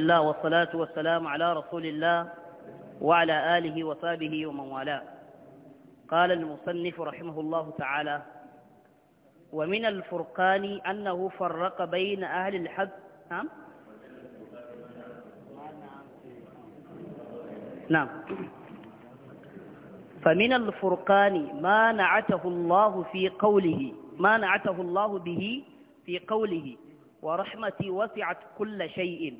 الله والصلاة والسلام على رسول الله وعلى آله وصحبه ومن والاه قال المصنف رحمه الله تعالى ومن الفرقان أنه فرق بين أهل الحد نعم نعم فمن الفرقان ما نعته الله في قوله ما نعته الله به في قوله ورحمتي وسعت كل شيء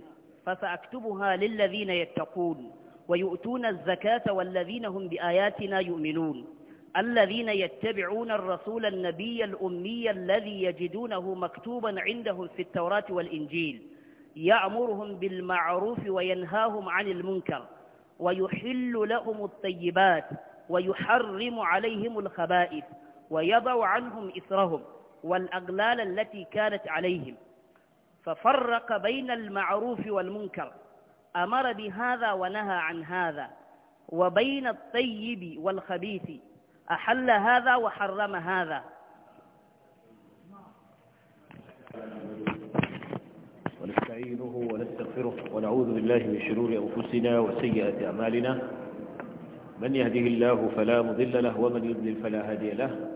فسأكتبها للذين يتقون ويؤتون الزكاة والذين هم بآياتنا يؤمنون الذين يتبعون الرسول النبي الأمي الذي يجدونه مكتوبا عندهم في التوراة والإنجيل يأمرهم بالمعروف وينهاهم عن المنكر ويحل لهم الطيبات ويحرم عليهم الخبائث ويضع عنهم إثرهم والأغلال التي كانت عليهم ففرق بين المعروف والمنكر أمر بهذا ونهى عن هذا وبين الطيب والخبيث أحل هذا وحرم هذا ونستعينه ونستغفره ونعوذ بالله من شرور أنفسنا وسيئة أعمالنا من يهده الله فلا مضل له ومن يضلل فلا هادي له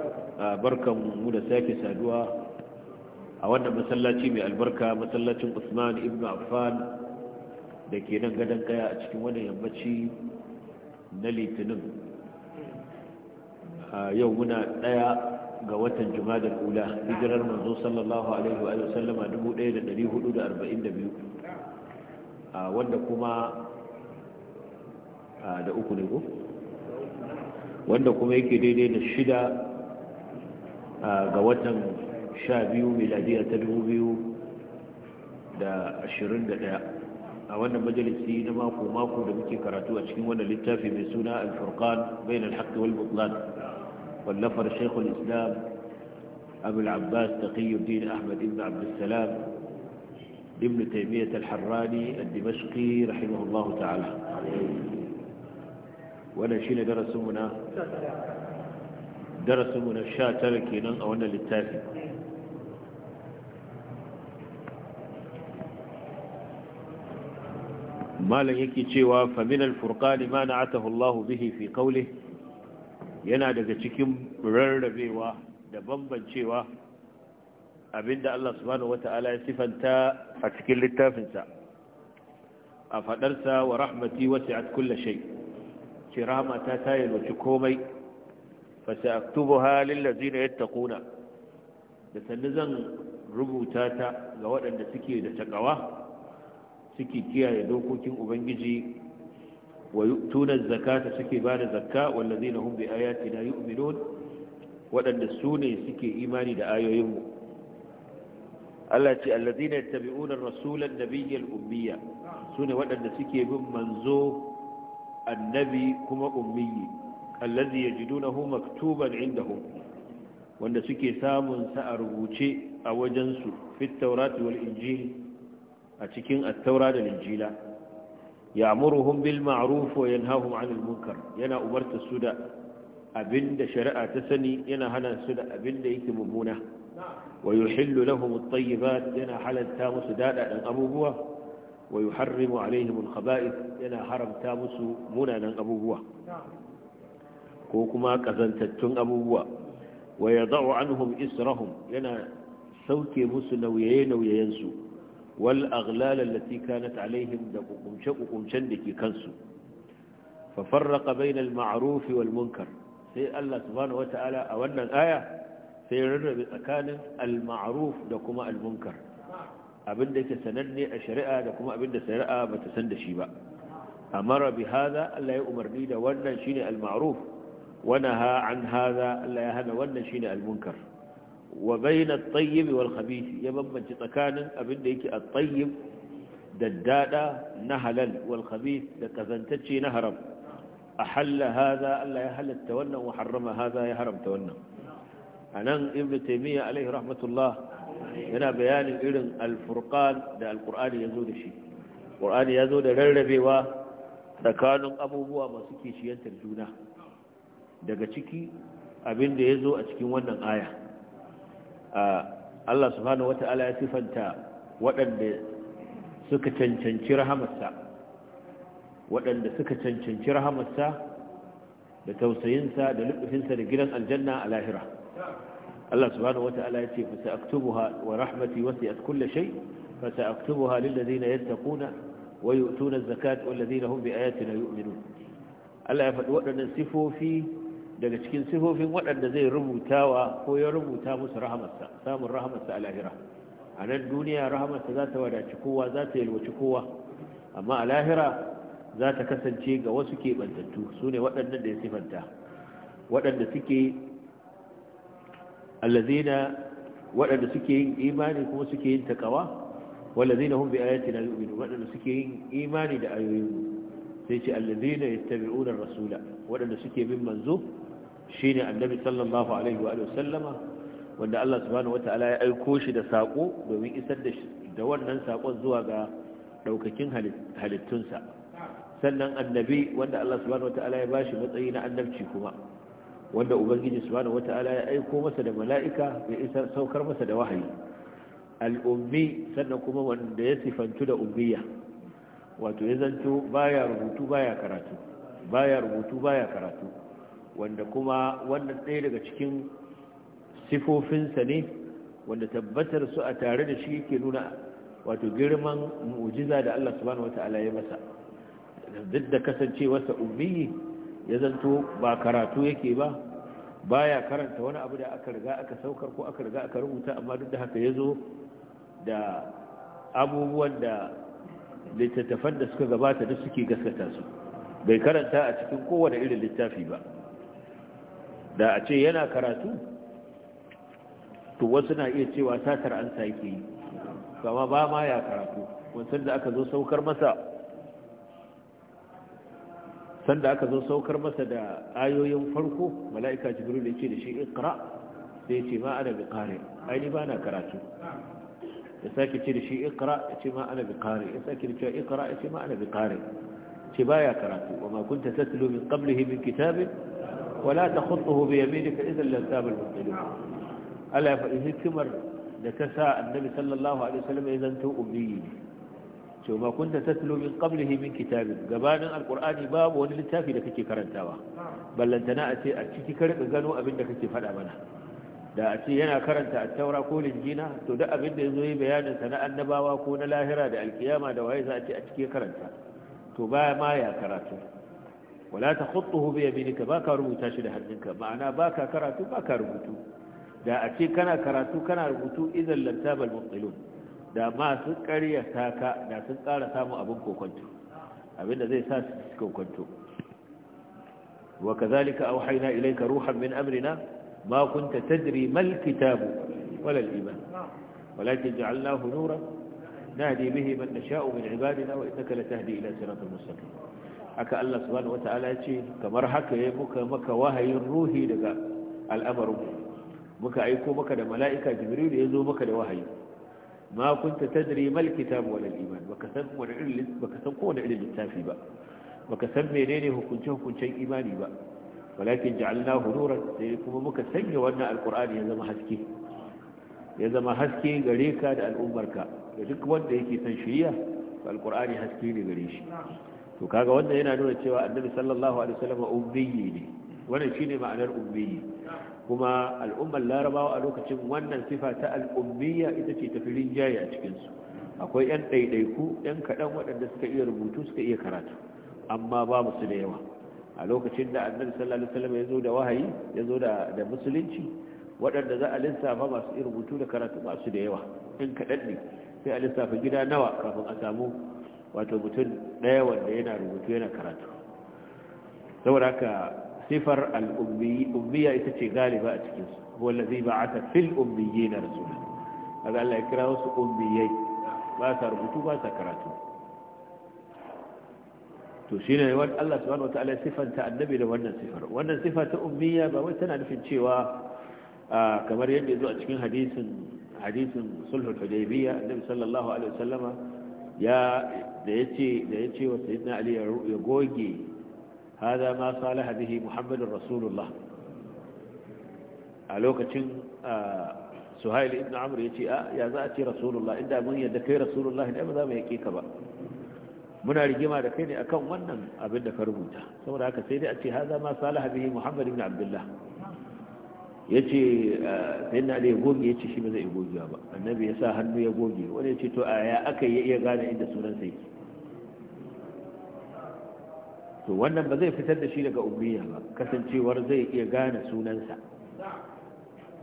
barkan mu da sake saduwa a wannan masallaci mai albarka masallacin Usman ibn Affan da ke nan gadon kaya a cikin wannan yammaci na litinin yau muna ɗaya ga watan jumadar ula hijirar manzo sallallahu alaihi wa sallama 1442 wanda kuma da uku ne ko wanda kuma yake daidai da shida ga watan sha biyu miladiya ta dubu biyu da ashirin da ɗaya a wannan majalisi na mako mako da muke karatu a cikin wannan littafi mai suna al alfurkan bayan alhaƙi wal butlan wallafar shaikhul islam abul abbas taqiyuddin ahmad ibn abd salam ibn taymiyyah al-harrani al-dimashqi rahimahullahu ta'ala wannan shine darasin mu na mu na sha tara kenan a wannan littafi malam yake cewa faminal Furkani ma na'atahu Allah bihi fi qawli yana daga cikin rarrabewa da bambancewa abinda Allah subhanahu Ta'ala ya sifanta a cikin littafinsa a fadarsa wa rahmati wasi'at kulli shay ce rahmata ta yalwaci komai fa sa'aktubuha lil ladzina yattaquna da sannu zan rubuta ta ga waɗanda suke da taƙawa suke kiyaye dokokin ubangiji wa yu'tuna zakata suke ba da zakka wallazina hum bi ayatina yu'minun waɗanda su ne suke imani da ayoyinmu Allah ce allazina yattabi'una ar-rasula da nabiyya al su ne waɗanda suke bin manzo annabi kuma ummiyi allazi yajidunahu maktuban indahum wanda suke samun sa a rubuce a wajen fit taurati wal injil a cikin at-taura da injila ya'muruhum bil ma'ruf wa yanhahum 'anil munkar yana umarta su da abinda shari'a ta sani yana hana su da abinda yake mumuna wa yuhillu lahum at-tayyibat yana halatta musu dadadan abubuwa wa yuharrimu 'alayhim al-khaba'ith yana haramta musu munanan abubuwa ko kuma kazantattun abubuwa wa ya za'u anhum israhum yana sauke musu nauyaye-nauyayensu wal aghlala allati kanat alaihim da kukumce-kukumcen da ke kansu fa farraqa bainal ma'ruf wal munkar sai Allah subhanahu wata'ala a wannan aya sai rarrabe tsakanin al ma'ruf da kuma al munkar abinda yake sananne a shari'a da kuma abinda shari'a bata san da shi ba amara bi hada Allah ya umarni da wannan shine al ma'ruf ونهى عن هذا ألا يهنى والنشين المنكر وبين الطيب والخبيث يبمن تتكان أبن ديك الطيب ددادا نهلا والخبيث لكذنتشي نهرم أحل هذا ألا يهل التونى وحرم هذا يهرم تونى أنا ابن تيمية عليه رحمة الله هنا بيان إذن الفرقان ده القرآن يزود الشيء القرآن يزود للربي وتكان أبوه ومسكي شيئا ترجونه daga ciki abin da ya zo a cikin wannan aya Allah subhanahu wata'ala ya sifanta waɗanda suka cancanci rahamarsa waɗanda suka cancanci rahamarsa da tausayinsa da lubufinsa da gidan aljanna a lahira Allah subhanahu wata'ala ya ce fasa aktubuha wa rahmati wasi'at kulli shay fasa aktubuha lil ladina yattaquna wa yu'tuna az-zakata wal ladina hum bi yi yu'minun Allah ya faɗi waɗannan sifofi daga cikin sifofin waɗanda zai rubuta wa ko ya rubuta musu rahamarsa samun rahamarsa a lahira a nan duniya rahamarsa za ta wadaci kowa za ta yalwaci kowa amma a lahira za ta kasance ga wasu keɓantattu su ne waɗannan da ya sifanta waɗanda suke allazina waɗanda suke yin imani kuma suke yin takawa والذين هم بآياتنا يؤمنون وأن سكين إيماني لآيوين سيتي الذين يتبعون الرسول وأن سكي من منزوه Shi ne annabi sallallahu alaihi wa sallama wanda Allah subhanahu wataala ya aiko shi da saƙo domin isar da wannan saƙon zuwa ga ɗaukakin halittunsa sannan annabi wanda Allah subhanahu wataala ya ba shi matsayi na annabci kuma wanda ubangiji subhanahu wataala ya aiko masa da mala'ika ya isar saukar masa da wahayi al'ummi sannan kuma wanda ya sifantu da ummiya wato ya zanto baya rubutu baya karatu baya rubutu baya karatu wanda kuma wannan ɗaya daga cikin sifofinsa ne wanda tabbatar su a tare da shi yake nuna wato girman mu'jiza da Allah subhanahu wata'ala ya masa duk da kasancewarsa ummiyi ya zanto ba karatu yake ba baya karanta wani abu da aka riga aka saukar ko aka riga aka rubuta amma duk da haka ya zo da abubuwan da littattafan da suka gabata da suke gaskata su bai karanta a cikin kowane irin littafi ba da a ce yana karatu to wasu na iya cewa satar an sake yi kama ba ma ya karatu wancan da aka zo saukar masa sanda aka zo saukar masa da ayoyin farko mala'ika jibril ya ce da shi ikra sai ce ma ana bi kare aini ba na karatu ya sake ce da shi ikra ya ce ma ana bi kare ya sake da cewa ikra ya ce ma ana bi kare ce ba ya karatu wa ma kunta tatlu min qablihi min kitabin wala ta khutuhu bi yaminika idan lan tabal mubtilun Allah ya faɗi hikimar da ta sa annabi sallallahu alaihi wasallam ya zanto ummi to ma kunta tatlu min qablihi min kitabin gabanin alqur'ani babu wani littafi da kake karantawa ballantana a ce a ciki ka gano abin da kake faɗa mana da a ce yana karanta attaura ko linjina to duk abin da yazo yi bayanin sa na annabawa ko na lahira da alkiyama da waye za a ce a ciki karanta to baya ma ya karatu wala ta khutuhu bi yaminika baka rubuta shi da hannunka ma'ana baka karatu baka rubutu da a ce kana karatu kana rubutu idan lantabal mubtilun da ma sun karyata ka da sun kara samun abin kokonto abinda zai sa su kokonto wa kazalika auhayna ilayka ruhan min amrina ma kunta tadri mal kitabu wala al-iman walakin ja'alnahu nuran nahdi bihi man nasha'u min ibadina wa innaka latahdi ila siratal mustaqim haka Allah subhanahu wataala ya ce kamar haka ya muka maka wahayin ruhi daga al'amarin muka aiko maka da mala'ika jibril ya zo maka da wahayi ma kunta tadri mal kitab wal iman baka san wani irin baka san ko wani irin littafi ba baka san menene hukunce hukuncen imani ba walakin ja'alnahu nuran sai kuma muka sanya wannan alqur'ani ya zama haske ya zama haske gare ka da al'ummarka da duk wanda yake son shiriya alqur'ani haske ne gare shi to kaga wanda yana nuna cewa annabi sallallahu alaihi wasallam ummiyi ne wannan shine ma'anar ummiyi kuma al'ummar larabawa a lokacin wannan sifa ta al'ummiyya ita ce tafi rinjaye a cikin su akwai yan ɗaiɗaiku yan kadan waɗanda suka iya rubutu suka iya karatu amma babu su da yawa a lokacin da annabi sallallahu alaihi wasallam ya zo da wahayi ya zo da da musulunci waɗanda za a lissafa masu iya rubutu da karatu ba da yawa in kadan ne sai a lissafa gida nawa kafin a samu wato mutum ɗaya wanda yana rubutu yana karatu saboda haka sifar al'ummiya ita ce galiba a cikinsu wanda zai ba a ta fil ummiyyi na rasulu kaga Allah ya kira wasu ummiyai ba sa rubutu ba sa karatu to shi ne wani Allah subhanahu wa ta'ala sifanta annabi da wannan sifar wannan sifar ta ummiya ba wai tana nufin cewa kamar yadda zo a cikin hadisin hadisin sulhul hudaybiyya annabi sallallahu alaihi wasallama ya da ya ce wa sayyidina ali ya goge haza ma salaha bihi muhammadur rasulullah a lokacin suhail ibn Amur ya ce ya za a ce rasulullah inda mun yadda kai rasulullah ne ba za mu yake ka ba muna rigima da kai ne akan wannan abin da ka rubuta saboda haka sai dai a ce haza ma salaha bihi muhammad ibn abdullah ya ce Sayyidina Ali ya goge ya ce shi ba zai gogewa ba annabi ya sa hannu ya goge wani ya ce to a ya aka yi iya gane inda sunan sai to wannan ba zai fitar da shi daga umriya ba kasancewar zai iya gane sunansa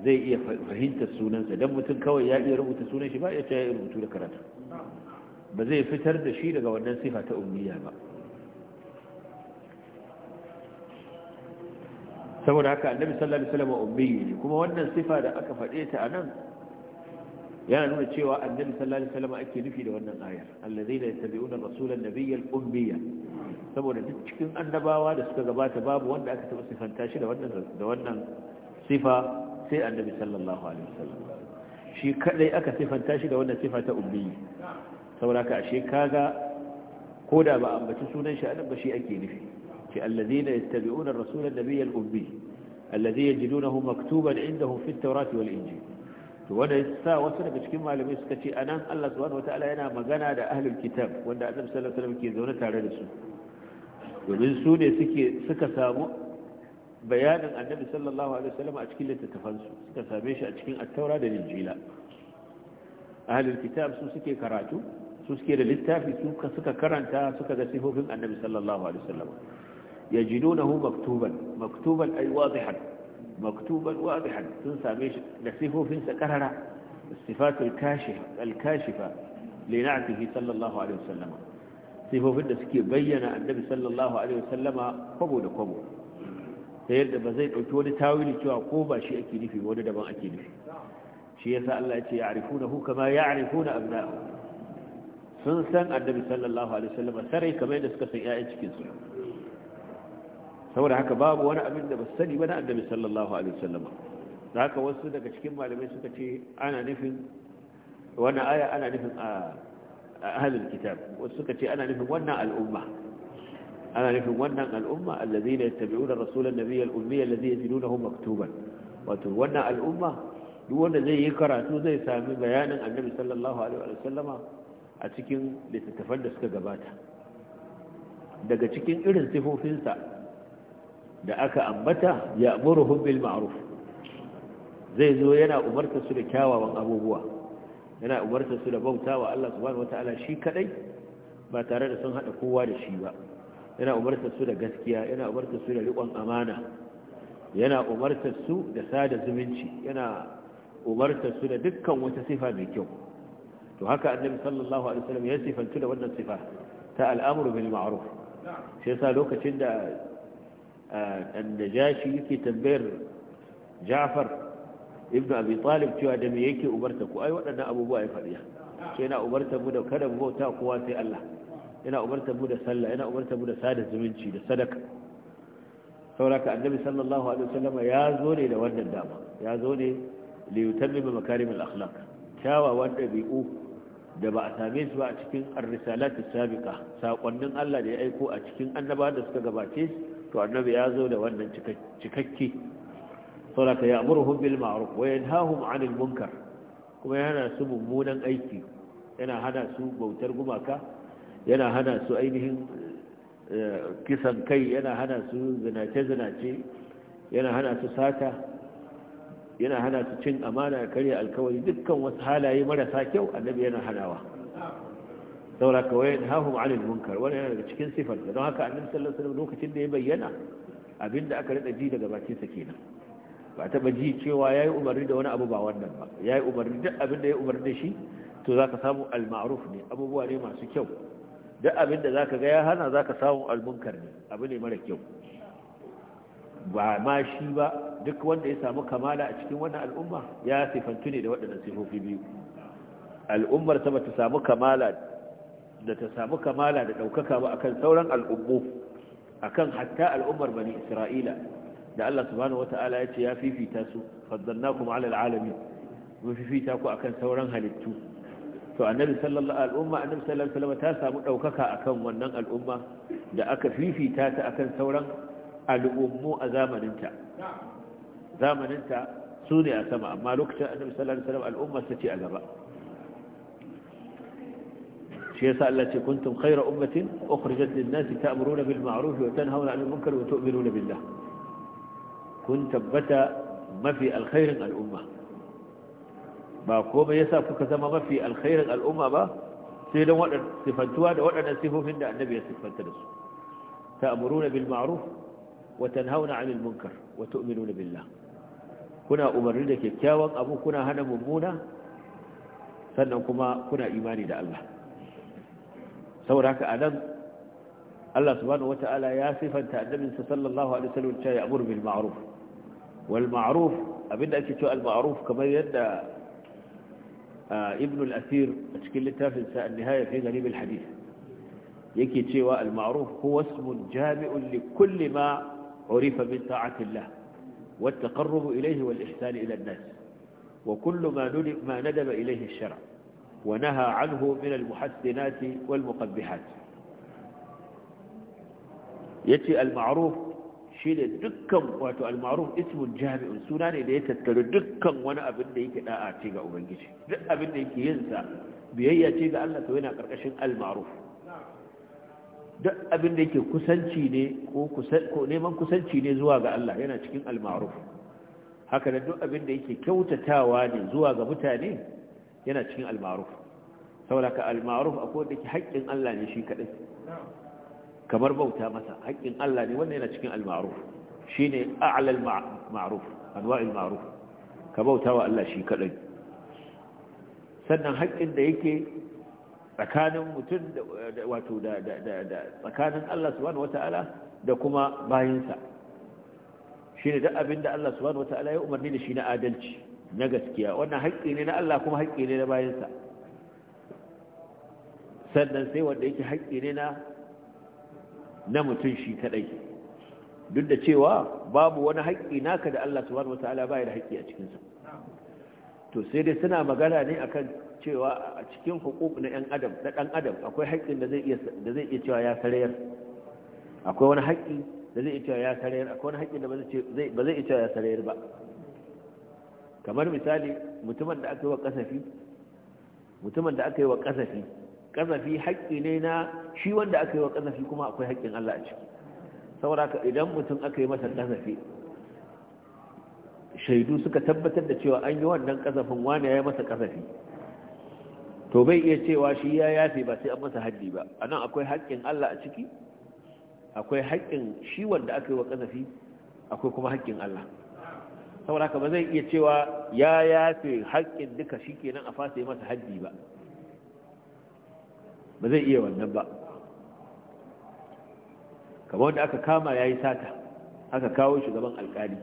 zai iya fahimtar sunansa don mutum kawai ya iya rubuta sunan shi ba ya ce ya rubutu da karatu ba zai fitar da shi daga wannan sifa ta umriya ba saboda haka annabi sallallahu alaihi wasallam ummi ne kuma wannan sifa da aka faɗe ta anan yana nuna cewa annabi sallallahu alaihi wasallam ake nufi da wannan ayar alladheena yattabi'una ar-rasula an-nabiyya al-ummiyya saboda duk cikin annabawa da suka gabata babu wanda aka taɓa sifanta shi da wannan sifa sai annabi sallallahu alaihi wasallam shi kadai aka sifanta shi da wannan sifa ta ummi saboda ka ashe kaga koda ba ambaci sunan shi annabi shi ake nufi ce alladhina yattabi'una ar-rasul an-nabiy al-ummi alladhi yajidunahu maktuban indahum fi at-taurati wal-injil to wanda yasa wasu daga cikin malamai suka ce anan Allah subhanahu wataala yana magana da ahlul kitab wanda annabi sallallahu alaihi wasallam ke zaune tare da su domin su ne suka samu bayanin annabi sallallahu alaihi wasallam a cikin littattafansu suka same shi a cikin attaura da injila ahlul kitab su suke karatu su suke da littafi su suka karanta suka ga sifofin annabi sallallahu alaihi wasallam yajidunahu maktuban maktuban ay wadihan maktuban wadihan sun same shi da sifofin sa karara sifatul kashifa al kashifa li na'tihi sallallahu alaihi wasallam sifofin da suke bayyana annabi sallallahu alaihi wasallama kwabo da kwabo ta yadda ba zai ɗauki wani tawili cewa ko ba shi ake nufi wani daban ake nufi shi yasa Allah ya ce ya'rifunahu kama ya'rifuna abna'ahu sun san annabi sallallahu alaihi wasallama sarai kamar yadda suka san ƴaƴan cikin su saboda haka babu wani abin da ba sani ba na annabi sallallahu alaihi wasallama da haka wasu daga cikin malamai suka ce ana nufin Wani aya ana nufin a ah, ahalin kitab wasu suka ce ana nufin wannan al'umma ana nufin wannan al'umma allazina yattabi'una rasulan nabiyyal ummiy allazi yajidunahu maktuban wato wannan al'umma duk wanda zai yi karatu zai sami bayanin annabi sallallahu alaihi wa sallama a cikin littattafan da suka gabata daga cikin irin sifofinsa da aka ambata ya amuruhum bil ma'ruf zai zo yana umarta su da kyawawan abubuwa yana umarta su da bauta wa Allah subhanahu wataala shi kadai ba tare da sun hada kowa da shi ba yana umarta su da gaskiya yana umarta su da riƙon amana yana umarta su da sada zumunci yana umarta su da dukkan wata sifa mai kyau to haka annabi sallallahu alaihi wasallam ya sifantu da wannan sifa ta al'amru bil ma'ruf sai sa lokacin da eh, annajashi yake tambayar Ja'far Ibn abi talib cewa da me yake ubarta ku ai waɗannan abubuwa ya faɗiya sai yana ubarta mu da kada mu bauta kowa sai Allah yana ubarta mu da sallah yana ubarta mu da sada zumunci da sadaka sauraka annabi sallallahu alaihi wasallam ya zo ne da wannan dama ya zo ne li yutammima al akhlaq kyawawan dabi'u da ba a same su ba a cikin ar-risalat as-sabiqa sakonnin Allah da ya aiko a cikin annabawa da suka gabace to annabi ya zo da wannan cikakke saboda ya amurhum bil ma'ruf wa yanhahum 'anil munkar kuma yana su mummunan aiki yana hana su bautar gumaka yana hana su ainihin eh, kisan kai yana hana su zinace-zinace yana hana su sata yana hana su cin amana karya alkawari dukkan wasu halaye marasa kyau annabi yana hanawa saura kawai hahum anil munkar wani yana daga cikin sifar don haka annabi sallallahu alaihi wasallam lokacin da ya bayyana abinda aka rada ji daga bakin sa kenan ba taba ji cewa ya yi umarni da wani abu ba wannan ba ya yi umarni duk abin da ya umarni da shi to zaka samu al-ma'ruf ne abubuwa ne masu kyau duk abin da zaka ga ya hana zaka samu al-munkar ne abu ne mara kyau ba ma shi ba duk wanda ya samu kamala a cikin wannan al'umma ya sifantu ne da waɗannan sifofi biyu al'ummar ta bata samu kamala da ta samu kamala da ɗaukaka ba akan sauran al'ummu akan hatta al'ummar bani isra'ila da Allah subhanahu wata'ala ya ce ya fifita su faddalnakum ala alamin mun fifita ku akan sauran halittu to annabi sallallahu al'umma annabi sallallahu alaihi wasallam ta samu daukaka akan wannan al'umma da aka fifita ta akan sauran al'ummu a zamaninta zamaninta su ne a sama amma lokacin annabi sallallahu alaihi wasallam al'umma ta ce a gaba shi yasa Allah ce kuntum khayra ummatin ukhrijat lin-nasi ta'muruna bil ma'ruf wa tanhauna 'anil munkar wa tu'minuna billah kun tabbata mafi alkhairin al'umma ba komai yasa kuka zama mafi alkhairin al'umma ba sai don waɗanda sifantuwa da waɗannan sifofin da annabi ya sifanta da su ta ta'muruna bil ma'ruf wa hauna Amin munkar wata wa na billah kuna umarni da kyakkyawan abu kuna hana mummuna sannan kuma kuna imani da Allah saboda haka anan Allah subhanahu wata'ala ya sifanta annabinsa sallallahu alaihi wasallam cewa ya amuru bil ma'ruf والمعروف أبدا كتو المعروف كما يدى آه، ابن الأثير أتكلم التافل النهاية في غريب الحديث يكتوى المعروف هو اسم جامع لكل ما عرف من طاعة الله والتقرب إليه والإحسان إلى الناس وكل ما ندب إليه الشرع ونهى عنه من المحسنات والمقبحات يتي المعروف shi ne dukkan wato almaruf ismun jami'un suna ne da ya tattara dukkan wani abin da yake da'a ce ga ubangiji duk abin da yake yin sa biyayya ce ga Allah to yana karkashin almaruf duk abin da yake kusanci ne ko ko neman kusanci ne zuwa ga Allah yana cikin almaruf haka da duk abin da yake kyautatawa ne zuwa ga mutane yana cikin almaruf saboda ka almaruf akwai da ke haƙƙin Allah ne shi kaɗai kamar bauta masa haƙƙin Allah ne wannan yana cikin al-ma'ruf shine a'la al-ma'ruf anwa'il ma'ruf ka bauta wa Allah shi kadai sannan haƙƙin da yake tsakanin mutum da wato da tsakanin Allah subhanahu wata'ala da kuma bayinsa shine duk abin da Allah subhanahu wata'ala ya umarni da shi na adalci na gaskiya wannan haƙƙi ne na Allah kuma haƙƙi ne na bayinsa sannan sai wanda yake haƙƙi ne na na mutum shi kadai duk da cewa babu wani haƙƙi naka da Allah subhanahu wataala bai da haƙƙi a cikin sa to sai dai suna magana ne akan cewa a cikin hukumu na ɗan adam na ɗan adam akwai haƙƙin da zai iya da zai iya cewa ya sarayar akwai wani haƙƙi da zai iya cewa ya sarayar akwai wani haƙƙin da ba zai iya cewa ya sarayar ba kamar misali mutumin da aka yi wa kasafi mutumin da aka yi wa kasafi ƙazafi haƙƙi ne na shi wanda aka yi wa ƙazafi kuma akwai haƙƙin Allah a ciki saboda ka idan mutum aka yi masa ƙazafi shaidu suka tabbatar da cewa an yi wannan ƙazafin wani ya yi masa ƙazafi to bai iya cewa shi ya yafe ba sai an masa haddi ba anan akwai haƙƙin Allah a ciki akwai haƙƙin shi wanda aka yi wa ƙazafi akwai kuma haƙƙin Allah saboda ka ba zai iya cewa ya yafe haƙƙin duka shi a fasa yi masa haddi ba ba zai iya wannan ba kamar wanda aka kama ya yi sata aka kawo shugaban alkali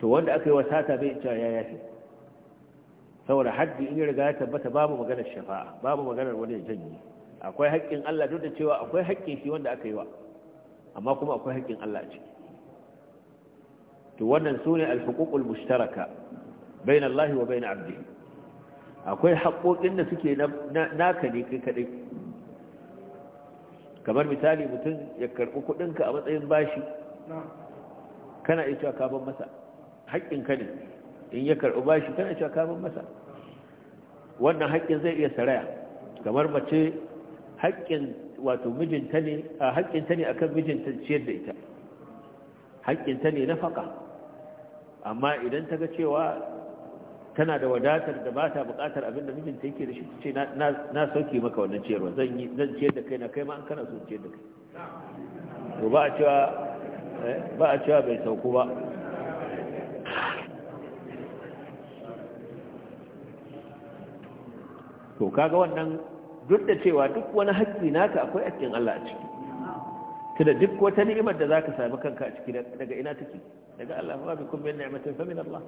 to wanda aka yi wa sata bai cewa ya yafi saboda haddi in riga ya tabbata babu maganar shafa'a babu maganar wani ya janye akwai haƙƙin Allah duk da cewa akwai haƙƙin shi wanda aka yi wa amma kuma akwai haƙƙin Allah ce. to wannan sune al-huququl mushtaraka bain Allah wa bain 'abdihi akwai haƙoƙin da suke naka ne kai kadai kamar misali mutum ya karɓi kuɗinka a matsayin bashi kana iya cewa kaban masa haƙƙinka ne in ya karɓi bashi kana cewa kaban masa wannan haƙƙin zai iya saraya kamar mace haƙƙin wato mijinta ne a haƙƙinta ne akan mijinta ciyar da ita haƙƙinta ne na faƙa amma idan ta ga cewa tana da wadatar da ba ta buƙatar abin da mijinta yake da shi ta ce na sauke maka wannan ciyarwa zan yi zan ciyar da kai na kai ma an kana so ciyar da kai to ba a cewa eh, ba a cewa bai sauko ba to kaga wannan duk da cewa duk wani haƙƙi naka akwai hakkin Allah a ciki tunda duk wata ni'imar da zaka sami kanka a ciki daga ina take daga Allah wa bikum min ni'matin fa min Allah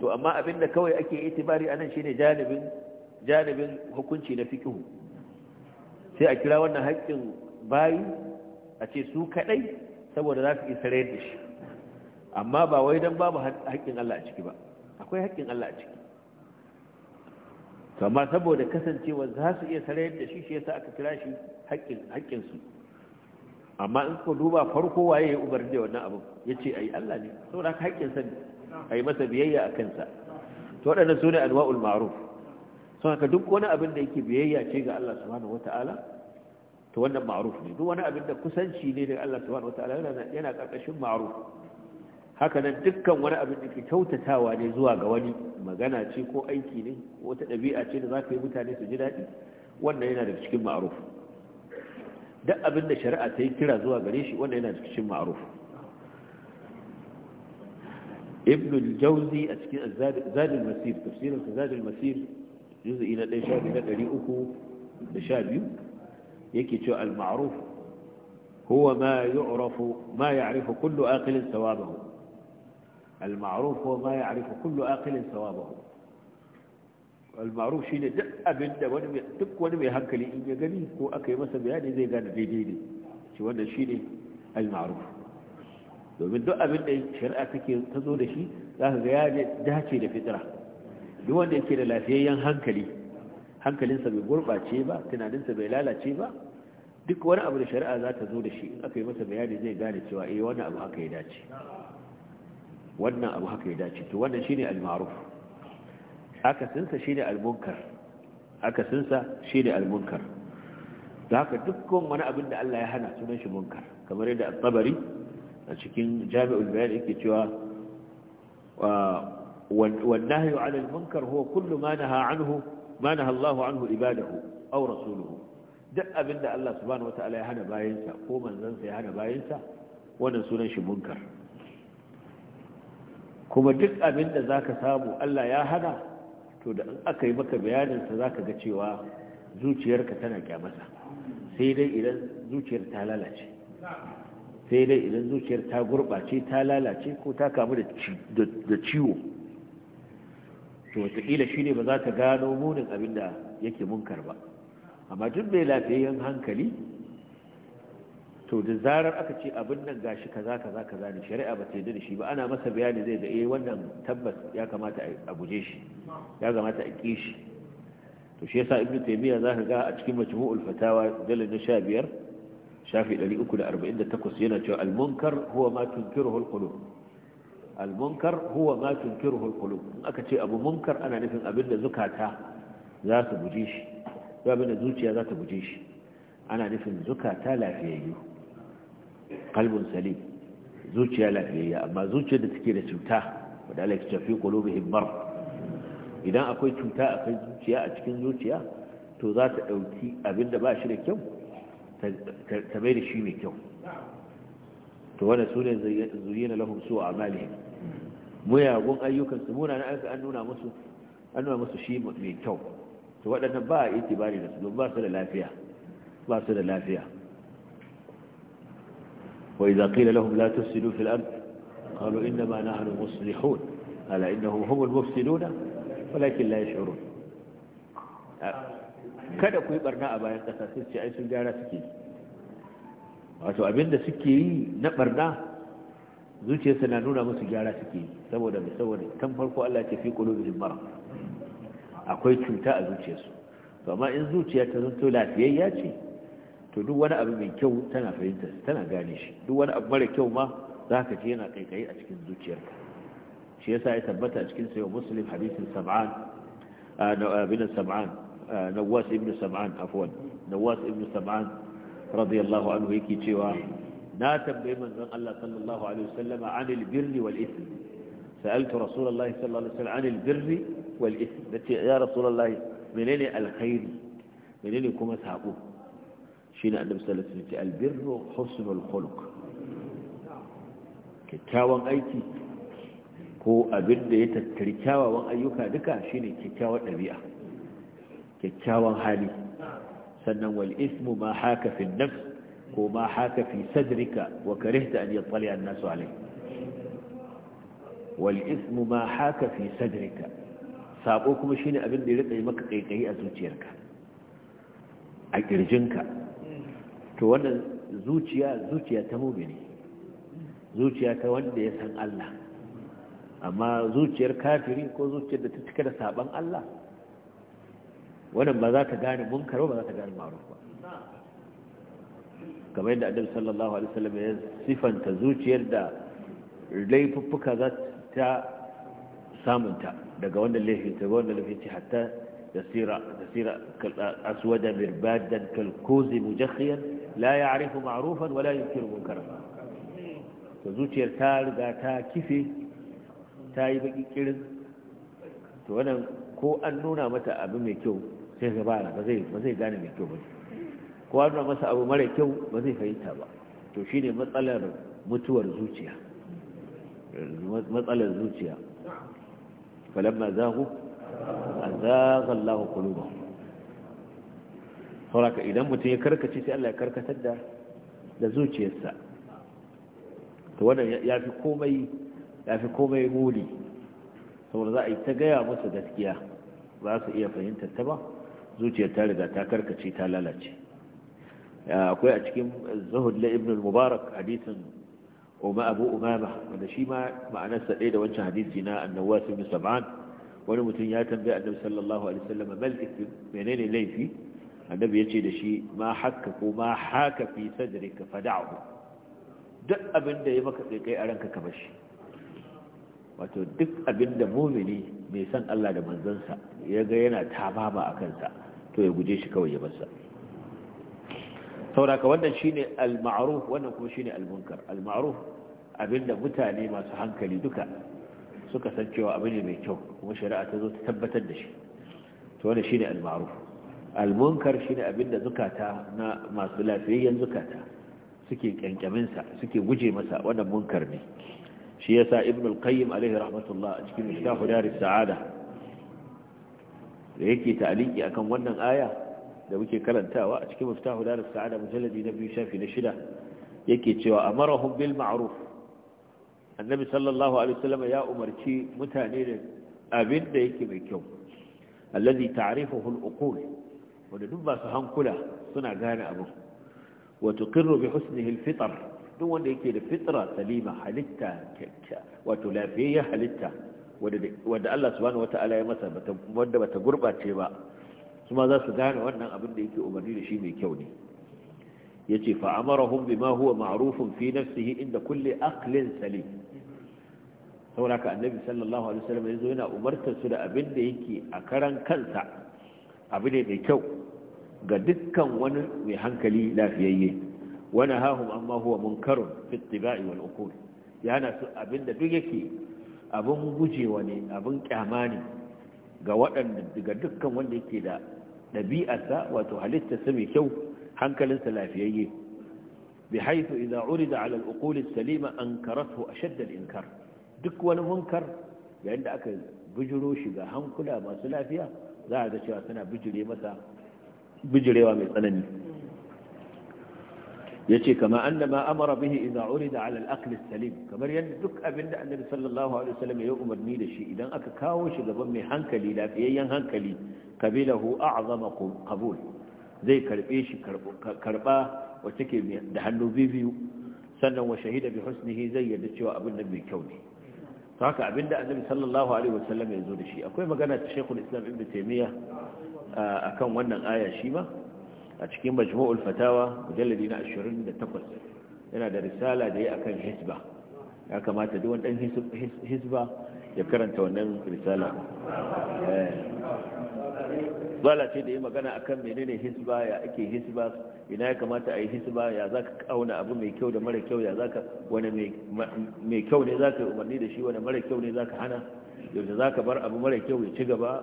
to amma abinda kawai ake itibari anan shine janibin janibin hukunci na fiqh sai a kira wannan haƙƙin bayi a ce su kadai saboda za su isa rayar da shi amma ba wai dan babu haƙƙin Allah a ciki ba akwai haƙƙin Allah a ciki to amma saboda kasancewa za su iya sarayar da shi shi yasa aka kira shi haƙƙin haƙƙin su amma in ku duba farko waye ya umarni da wannan abin ya ce a yi Allah ne saboda ka haƙƙin sani a yi masa biyayya a kansa to wadannan su ne anwa'ul ma'ruf sau haka duk wani abin da yake biyayya ce ga Allah subhanahu wata'ala to wannan ma'ruf ne duk wani abin da kusanci ne da Allah subhanahu wata'ala yana ƙarƙashin ma'ruf haka nan dukkan wani abin da ke kyautatawa ne zuwa ga wani magana ce ko aiki ne ko wata ɗabi'a ce da za ka yi mutane su ji daɗi wannan yana da cikin ma'ruf da abin da shari'a ta yi kira zuwa gare shi wanda yana cikin ma'aruf ibn al-jawzi a cikin zadul masir tafsirin sa zadul masir juz'i na 1312 yake cewa al-ma'ruf huwa ma yu'rafu ma ya'rifu kullu aqil thawabahu al-ma'ruf huwa ma ya'rifu kullu aqil thawabahu almaruf shine duk abin da wani duk wani mai hankali in ya gani ko aka yi masa bayani zai gane daidai ne shi wannan shine almaruf domin duk abin da shari'a take ta zo da shi za ka ga ya dace da fitra duk wanda yake da lafiyayyen hankali hankalinsa bai gurɓace ba tunaninsa bai lalace ba duk wani abu da shari'a za ta zo da shi in aka yi masa bayani zai gane cewa eh wannan abu haka ya dace wannan abu haka ya dace to wannan shine almaruf akasinsa shi ne almunkar akasinsa shi ne almunkar da haka dukkan wani abin da Allah ya hana sunan shi munkar kamar yadda al-tabari a cikin jami'ul bayan yake cewa والنهي عن المنكر هو كل ما نهى anhu ما نهى الله عنه عباده أو رسوله duk abin da Allah subhanahu wata'ala ya hana bayansa ko manzansa ya hana bayansa wannan sunan shi munkar kuma duk abin da zaka samu Allah ya hana to da aka yi maka bayaninsa za ka ga cewa zuciyarka tana kyamata sai dai idan zuciyar ta lalace sai dai idan zuciyar ta gurɓace ta lalace ko ta kamu da ciwo to wataƙila shi ne ba za ta gano munin abin da yake munkar ba amma duk mai lafiyayyen hankali to da zarar aka ce abin nan gashi kaza kaza kaza ne shari'a ba ta da shi ba ana masa bayani zai ga eh wannan tabbas ya kamata a guje shi ya kamata a ƙi shi to shi yasa ibnu taymiya ka ga a cikin majmu'ul fatawa dalil na 15 shafi 348 yana cewa al-munkar huwa ma tunkiruhu al-qulub al-munkar huwa ma tunkiruhu al-qulub in aka ce abu munkar ana nufin abin da zukata za su guje shi ko abin da zuciya za ta guje shi ana nufin zukata lafiyayyu kalbin salim zuciya lafiyayya amma zuciyar da take da cuta wadda ala ya tafi mar idan akwai cuta akwai zuciya a cikin zuciya to za ta dauki abinda ba shi da kyau ta mai da shi mai kyau to wanda su ne lahum su a amalihim muyagun ayyukansu muna na aika an nuna musu an nuna musu shi mai kyau to waɗannan ba a itibari da su don ba su da lafiya ba su da lafiya وإذا قيل لهم لا تفسدوا في الأرض قالوا إنما نحن مصلحون ألا إنهم هم المفسدون ولكن لا يشعرون kada ku yi barna a bayan ƙasa sai ce ai sun gyara suke wato abinda suke yi na barna zuciyarsa na nuna musu gyara suke yi saboda saboda tan farko Allah ce fi qulubihim marad akwai cuta a zuciyarsu to amma in zuciya ta zanto lafiyayya ce to duk wani abu mai kyau tana fahimtar tana gane shi duk wani abu mara kyau ma za ka ji yana kaikayi a cikin zuciyarka shi yasa ya tabbata a cikin sayo muslim hadisin sab'an abin sab'an nawas ibn sab'an afwan nawas ibn sab'an radiyallahu anhu yake cewa na tambayi manzon Allah sallallahu alaihi wasallama anil birri wal ithm sa'altu rasulullahi sallallahu alaihi wasallam anil birri wal ithm nace ya rasulullahi menene alkhairi menene kuma sabo shine annabi sallallahu alaihi wasallam albirru husnul khuluq kyakkyawan aiki ko abin da ya tattari kyawawan ayyuka duka shine kyakkyawan dabi'a kyakkyawan hali sannan wal ismu ma haka fi nafs ko ma haka fi sadrika wa karihta an yattali an-nasu alayhi wal ismu ma haka fi sadrika sabo kuma shine abin da ya rika maka kaikayi a zuciyarka a kirjinka to wannan zuciya zuciya ta mumini zuciya ta wanda ya san Allah amma zuciyar kafiri ko zuciyar da ta cika da saban Allah wannan ba za ta gane munkar ba za ta gane ma'ruf ba kamar yadda annabi sallallahu alaihi wasallam ya sifanta zuciyar da laifuffuka za ta samunta daga wanda laifin ta wanda laifin ta hatta تسير, تسير أسودا مربادا كالكوز مجخيا لا يعرف معروفا ولا ينكر منكرا فزوجير تال ذاتا كفي تاي بقي كيرن to wannan ko an nuna mata abu mai kyau sai ga ba zai gane mai kyau ba ko an nuna masa abu mara kyau ba zai fahimta ba to shine matsalar mutuwar zuciya matsalar zuciya falamma azagha Allahu qulubahum sauraka idan mutum ya karkace sai Allah ya karkatar da da zuciyarsa to wannan ya komai ya fi komai muli saboda za a yi ta gaya musu gaskiya ba su iya fahimtar ta ba zuciyar ta riga ta karkace ta lalace akwai a cikin zuhud la ibn al-mubarak hadisin umma abu umama wanda shi ma ma'anarsa ɗaya da wancan hadisi na sun ibn sab'an wani mutum ya tambayi annabi sallallahu alaihi wasallam menene laifi annabi yace da shi ma hakka ko ma haka fi sadrika fad'ahu duk abinda da ya maka kai a ranka ka bashi wato duk abinda mumini mai san Allah da manzansa ya ga yana tababa a kansa to ya guje shi kawai ya barsa sauraka wannan shine al-ma'ruf wannan kuma shine al-munkar al-ma'ruf abinda mutane masu hankali duka suka san cewa abu ne mai kyau kuma shari'a ta zo ta tabbatar da shi to wanda shine al-ma'ruf al-munkar shine abinda zukata na masu lafiyayyen zukata suke kankamin sa suke guje masa wannan munkar ne shi yasa ibn al-qayyim alaihi rahmatullah a cikin mishkahu daris sa'ada da yake ta'aliki akan wannan aya da muke karantawa a cikin miftahu daris sa'ada mujalladi na biyu shafi na shida yake cewa amarahum bil ma'ruf annabi sallallahu alaihi wasallam ya umarci mutane da abin da yake mai kyau allazi ta'rifuhu al-uqul wanda duk ba su hankula suna gane abu wa tuqirru bi husnihi al-fitr duk wanda yake da fitra salima halitta kyakkya wato lafiya halitta wanda Allah subhanahu wataala ya masa wanda bata gurbace ba kuma za su gane wannan abin da yake umarni da shi mai kyau ne yace fa amarahum bima huwa ma'rufun fi nafsihi inda kulli aqlin salim saboda haka annabi sallallahu alaihi wasallam yazo yana umartar su da abin da yake a karan kansa abu ne mai kyau ga dukkan wani mai hankali lafiyayye wani hahum amma huwa munkarun fi wal uqul yana su abin da duk yake abin gujewa ne abin kyama ne ga waɗanda daga dukkan wanda yake da ɗabi'arsa wato sa mai kyau hankalinsa lafiyayye bi haifu idza urida ala al uqul salima ankarathu a al inkar duk wani munkar yayin da aka bijiro shi hankula masu lafiya za a ga cewa suna bijire masa bijirewa mai tsanani yace kama annama amara bihi idza urida ala al-aql salim kamar yadda duk abinda annabi sallallahu alaihi wasallam ya umarni da shi idan aka kawo shi gaban mai hankali lafiyayyen hankali kabilahu a'zama qabul zai karbe shi karba wacce ke da hannu biyu sannan wa shahida bi husnihi zai yadda cewa abin da mai kyau ne ta haka abinda annabi sallallahu alaihi wasallam ya zo da shi akwai magana ta shekul islam ibn taimiyya a kan wannan aya shi a cikin majmu'ul fatawa mujalladi na 28 yana da risala da ya akan hisba ya kamata duk wani dan hisba ya karanta wannan risala eh. lalace ce da ya magana akan menene hisba ya ake hisba ina ya kamata a yi hisba ya za ka kauna abu mai kyau da mara kyau ya za ka wani mai kyau ne za ka umarni da shi wani mara kyau ne za ka hana yadda za ka bar abu mara kyau ya ci gaba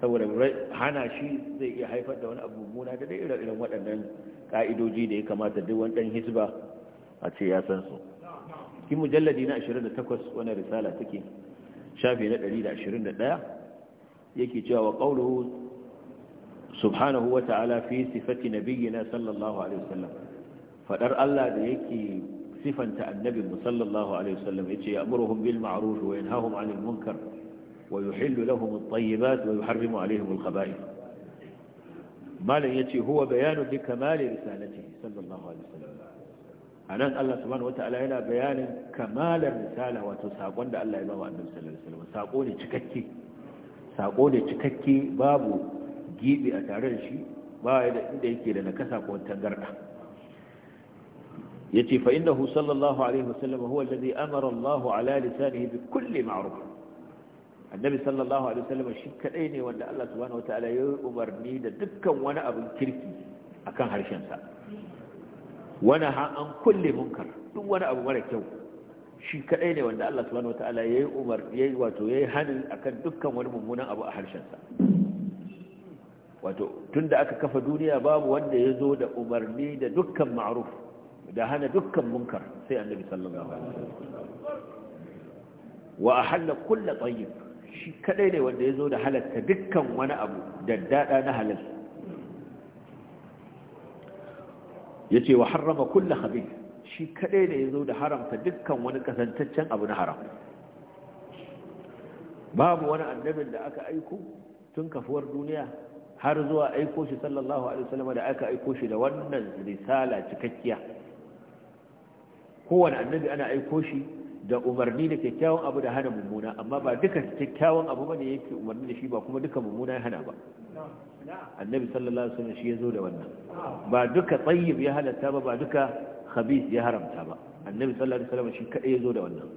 saboda hana shi zai iya haifar da wani abu muna da dai irin waɗannan ka'idoji da ya kamata duk wani ɗan hisba a ce ya san su kin mujalladi na 28 wani risala take shafi na 121 yake cewa wa qawluhu subhanahu wa ta'ala fi sifati nabiyyina sallallahu alaihi wasallam fadar Allah da yake sifanta annabin sallallahu alaihi wasallam yace ya'muruhum bil ma'ruf wa yanhahum 'anil munkar wa yuhillu lahum at-tayyibat wa yuharrimu 'alayhim al-khaba'ith malan yace huwa bayanu bi kamali risalatihi sallallahu alaihi wasallam anan Allah subhanahu wa ta'ala yana bayanin kamalar risala wato sakon da Allah ya ba wa annabi sallallahu alaihi wasallam sako ne cikakke sako ne cikakke babu gibi a tare da shi ba ya da inda yake da nakasa ko tangarda yace fa innahu sallallahu alaihi wasallam huwa alladhi amara Allah ala lisanihi bi kulli ma'ruf annabi sallallahu alaihi wasallam shi kadai ne wanda Allah subhanahu wataala ya umarni da dukkan wani abin kirki akan harshen sa wani ha an kulle munkar duk wani abu mara kyau shi kadai ne wanda Allah subhanahu wataala ya yi umar ya wato ya yi hanin akan dukkan wani mummunan abu a harshen sa wato tunda aka kafa duniya babu wanda ya zo da umarni da dukkan ma'ruf da hana dukkan munkar sai annabi sallallahu alaihi wasallam wa ahalla kulla tayyib shi kadai ne wanda ya zo da halatta dukkan wani abu da daɗa na Ya ce wa harrama kulla khabith shi kadai ne ya zo da haramta dukkan wani kasantaccen abu na haram babu wani annabin da aka aiko tun kafuwar duniya har zuwa aiko shi sallallahu alaihi wasallam da aka aiko shi da wannan risala cikakkiya kowane annabi ana aiko shi da umarni da kyakkyawan abu da hana mummuna amma ba duka kyakkyawan abu bane yake umarni da shi ba kuma duka mummuna ya hana ba annabi sallallahu alaihi wasallam shi ya zo da wannan ba duka tayyib ya halatta ba ba duka khabith ya haramta ba annabi sallallahu alaihi wasallam shi kadai ya zo da wannan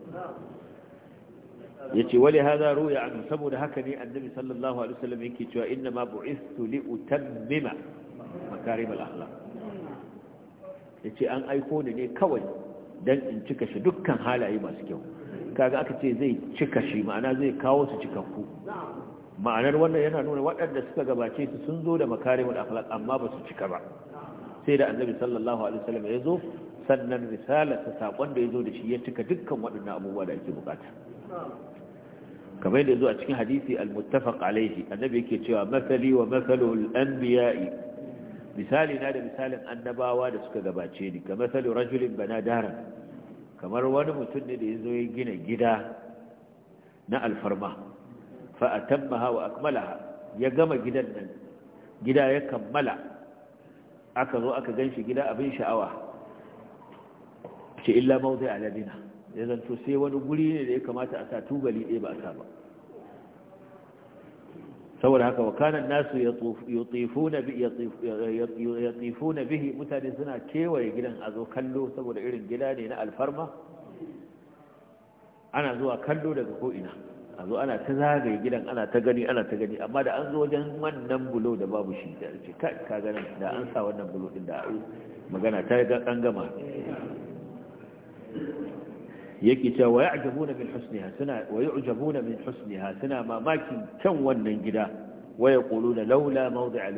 yace wali hada ruya an saboda haka ne annabi sallallahu alaihi wasallam yake cewa inna ma bu'istu li utammima makarim al-akhlaq yace an aiko ni ne kawai dan in cika shi dukkan halaye masu kyau kaga aka ce zai cika shi ma'ana zai kawo su cikakku ma'anar wannan yana nuna waɗanda suka gabace su sun zo da makarimul akhlaq amma ba su cika ba sai da annabi sallallahu alaihi wasallam ya zo sannan risalar ta sakon da ya zo da shi ya cika dukkan waɗannan abubuwa da ake bukata kamar da zuwa cikin hadisi al-muttafaq alaihi annabi yake cewa masali wa masalul anbiya'i misali na da misalin annabawa da suka gabace ni kamar masalu rajulin bana daran kamar wani mutum ne da yazo ya gina gida na alfarma fa atammaha wa akmalaha ya gama gidan nan gida ya kammala aka zo aka ganshi gida abin sha'awa ce illa mawdi aladina ya zanto sai wani guri ne da ya kamata a sa tubali ɗaya ba a sa ba saboda haka wakanan nasu ya tsifu na bihi mutane suna kewaye gidan a zo kallo saboda irin gida ne na alfarma ana zuwa kallo daga ko'ina a zo ana ta zagaye gidan ana ta gani ana ta gani amma da an zo wajen wannan bulo da babu shi da ka ganin da an sa wannan bulo din da magana ta ga an gama yake cewa wa ya'jabuna min husniha suna wa yu'jabuna min husniha suna mamakin kan wannan gida wa yaquluna laula mawdi'a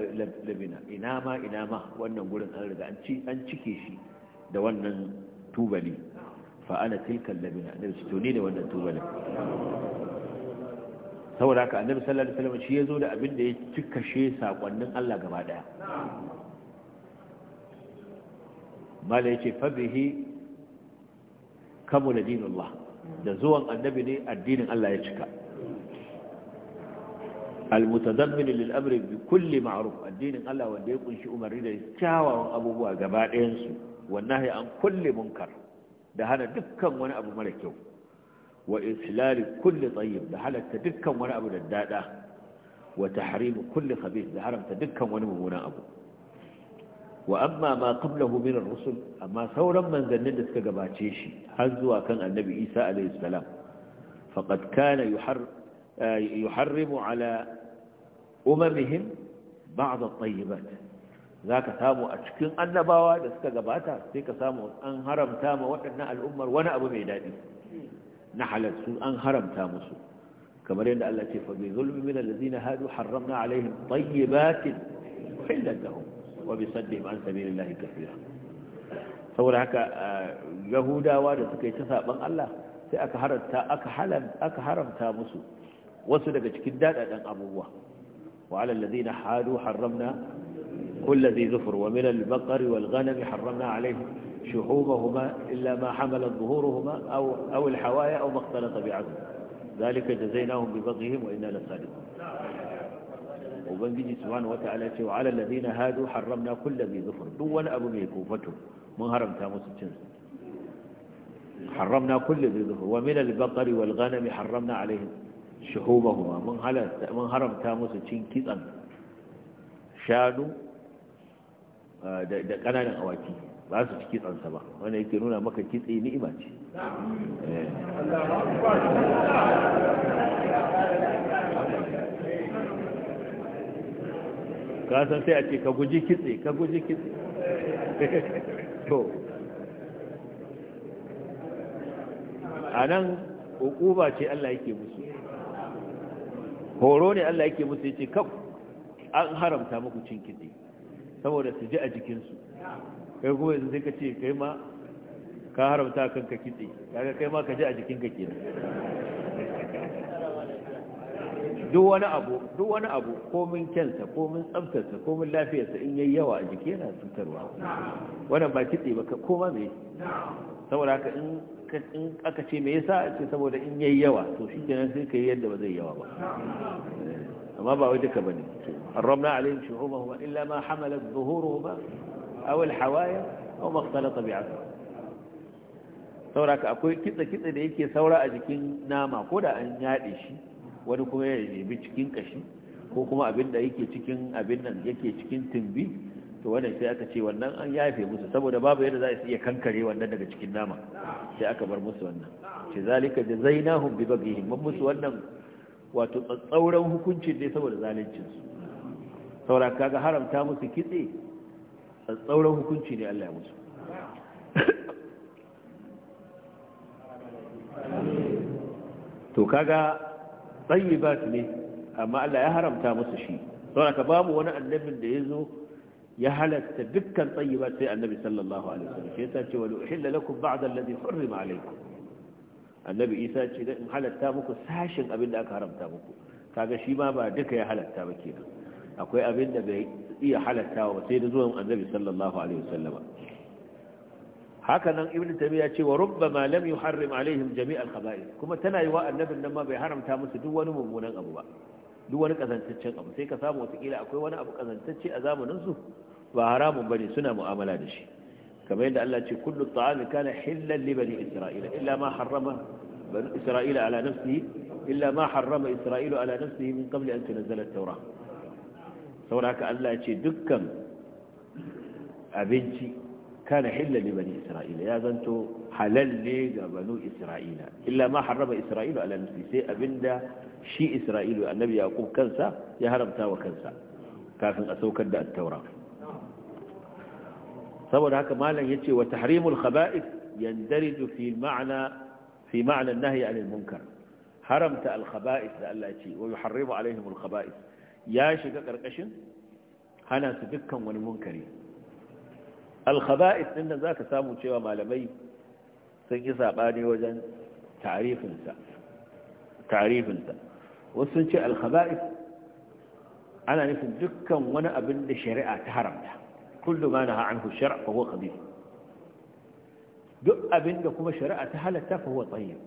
labina ina ma ina ma wannan gurin an riga an cike shi da wannan tubali fa ana tilka labina ne su tuni da wannan tubalin saboda haka annabi sallallahu alaihi wasallam shi ya zo da abin da ya cikashe sakonnin Allah gaba daya mala yace fa bihi kamula dinullah da zuwan annabi ne addinin Allah ya cika amri bi kulli معروف addinin Allah, wanda ya kunshi umarni da kyawawan abubuwa gaba ɗayan su wallahi an kulli munkar da hana dukkan wani abu mara kyau wa islali kulli tayyib da halatta dukkan wani abu da dada wa tahrim kulli khabith da haramta dukkan wani mummunan abu wa amma ma qablahu min ar-rusul amma sauran manzannin da suka gabace shi har zuwa kan annabi Isa alayhi salam faqad kana eh, yuharrimu ala umamihim ba'd at-tayyibat zaka samu a cikin annabawa da suka gabata sai ka samu an haramta ma waɗannan al'ummar wani abu mai daɗi na halal an haramta musu kamar yadda Allah ce fa bi zulmi min allazina hadu harramna alaihim tayyibatin uhillat lahum وبصدهم عن سبيل الله كثيرا saboda haka yahudawa da suka yi ta saban Allah sai aka haramta aka halal aka haramta musu wasu daga cikin dadadan abubuwa wa alal ladina hadu harramna kulli dhi zufr wa min al-baqari wal ghanam harramna alayhim shuhumahuma illa ma hamalat zuhuruhuma aw aw al-hawaya aw ma dhalika bi'azm bi baghihim wa inna lasadiqun ubangiji subhanahu wataala ce wa alal ladina hadu harramna kullu bi zufur duk wani abu mai kofato mun haramta musu cin harramna kullu bi zufur wa min al-baqar wal ghanam harramna alaihim shuhumahuma mun halatta mun haramta musu cin kitsan shanu ah, da kananan awaki ba su ci sa ba wanda yake nuna maka kitse ni'ima ce eh. ka san sai a ce ka guji kitse ka guji kitse to a nan hukuba ce Allah yake musu horo ne Allah yake musu ya ce kaf an haramta muku cin kitse saboda su ji a jikinsu kai kuma yanzu sai ka ce kai ma ka haramta kanka kitse kaga kai ma ka ji a jikinka kenan duk wani abu duk wani abu komin kyansa komin tsaftarsa komin lafiyarsa in yayi yawa a jiki yana cutarwa wannan ba kitse ba koma me saboda haka in in aka ce me yasa ce saboda in yayi yawa to shi kenan sai kai yadda ba zai yawa ba eh, amma ba wai duka bane harramna alaihim wa illa ma hamalat zuhuruhum aw alhawaya aw ma ikhtalata bi'asr saboda akwai kitse kitse da yake saura a jikin nama ko da an yade shi wani kuma ya nemi cikin kashi ko kuma abin da yake cikin abin nan yake cikin tumbi to wannan sai aka ce wannan an yafe musu saboda babu yadda za su iya kankare wannan daga cikin nama sai aka bar musu wannan ce zalika jazainahum bi baghihim mun musu wannan wato tsauran hukuncin ne saboda zalincin su saura kaga haramta musu kitse tsauran hukunci ne Allah ya musu to kaga tsayibat ne amma Allah ya haramta musu shi saboda babu wani annabin da ya zo ya halatta dukkan tsayibat sai annabi sallallahu alaihi shi annabi isa ce da in halatta muku sashin abin da aka haramta muku kaga shi ma ba duka ya halatta ba kenan akwai abin da bai iya halatta ba sai da zuwan annabi sallallahu alaihi wasallama hakanan ibn Tamiya ce wa rubbama lam yuharrim alaihim al khaba'ith kuma tana yi wa annabin nan ma bai haramta musu duk wani mummunan abu ba duk wani kazantaccen abu sai ka samu watakila akwai wani abu kazantacce a zamanin su ba haramun bane suna mu'amala da shi kamar yadda Allah ce kullu ta'ami kana hillan li bani isra'ila illa ma harrama bani isra'ila ala nafsihi illa ma harrama isra'ilu ala nafsihi min qabli an tunzala at-taura saboda haka Allah ya ce dukkan abinci كان حلا لبني إسرائيل يا زنتو حلل لي بنو إسرائيل إلا ما حرم إسرائيل على نفسي أبن أبندا شي إسرائيل النبي يقول كنسا يهرمتا وكنسا كافن أسوك دا التوراة سوال هكا مالا يتي وتحريم الخبائث يندرج في معنى في معنى النهي عن المنكر حرمت الخبائث لا يتي ويحرم عليهم الخبائث يا شكا قرقشن هنا سدكا ونمنكرين alkhaba'is din nan zaka samu cewa malamai sun yi sabani wajen tarifinsa tarifinsa wasu sun ce alkhaba'is ana nufin dukkan wani abin da shari'a ta haramta kullu ma naha anhu shar'a fa huwa khabith duk abin da kuma shari'a ta halatta fa huwa tayyib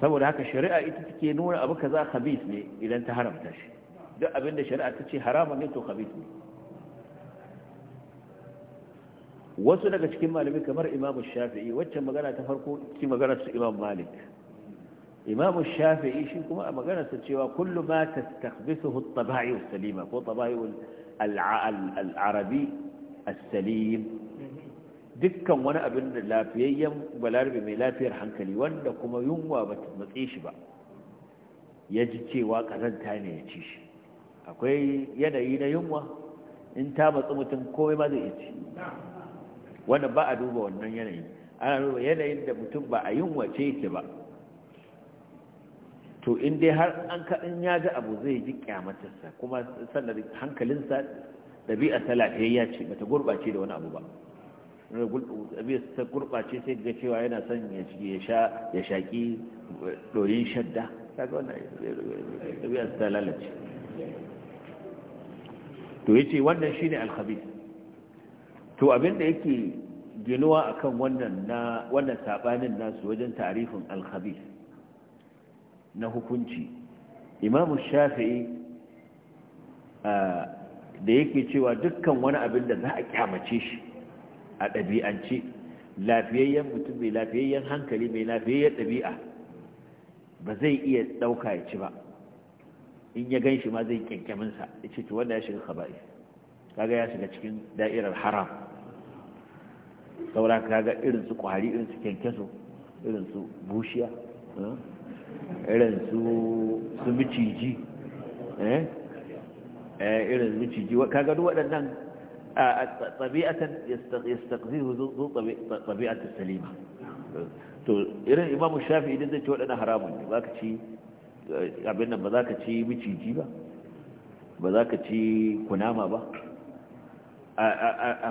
saboda haka shari'a ita take nuna abu kaza khabith ne idan ta haramta shi duk abin da shari'a ta ce haramun ne to khabith ne wasu daga cikin malami kamar Imamu shafi'i waccan magana ta farko shi magana su imam malik Imamu shafi'i shi kuma a magana sa cewa kullu ma ta takbisu tabai as-salima ko taba'i al-arabi as-salim dukkan wani abin da lafiyayyen balarabe mai lafiyar hankali wanda kuma yunwa ba ta matse shi ba ya ji cewa kazanta ne ya ci shi akwai yanayi na yunwa in ta matsi mutum komai ma zai ci wanda ba a duba wannan yanayi ana duba yanayin da mutum ba a yin yunwace yake ba to in dai har an kaɗin ya ga abu zai ji kyamatarsa kuma sannan hankalinsa ɗabi'a talatayya ce bata gurɓace da wani abu ba ɗabi'a ta gurɓace sai ga cewa yana son ya shaƙi ɗoyin shadda kaga wannan ɗabi'a ta lalace to ya ce wannan shi shine alkhabith to abinda yake ginuwa akan kan wannan sabanin nasu wajen tarifin al na hukunci imamu shafi'i da yake cewa dukkan wani abin da za a kyamace shi a ɗabi'ance lafiyayyen mutum mai lafiyayyen hankali mai lafiyayyen ɗabi'a ba zai iya ɗauka ya ci ba in ya gan shi ma zai kyankyaminsa ya ce to wanda ya shiga kaga ya shiga cikin da'irar haram saura ga irin su kwari irin su kyankyaso irin su bushiya eh, irin su miciji eh, eh, irin miciji ka duk waɗannan tsabi'atan yastaqzihu zo tsabi'atan salima to irin imamu shafi idan zai ci waɗannan haramun ba ka ci abin nan ba za ka ci miciji ba ba za ka ci kunama ba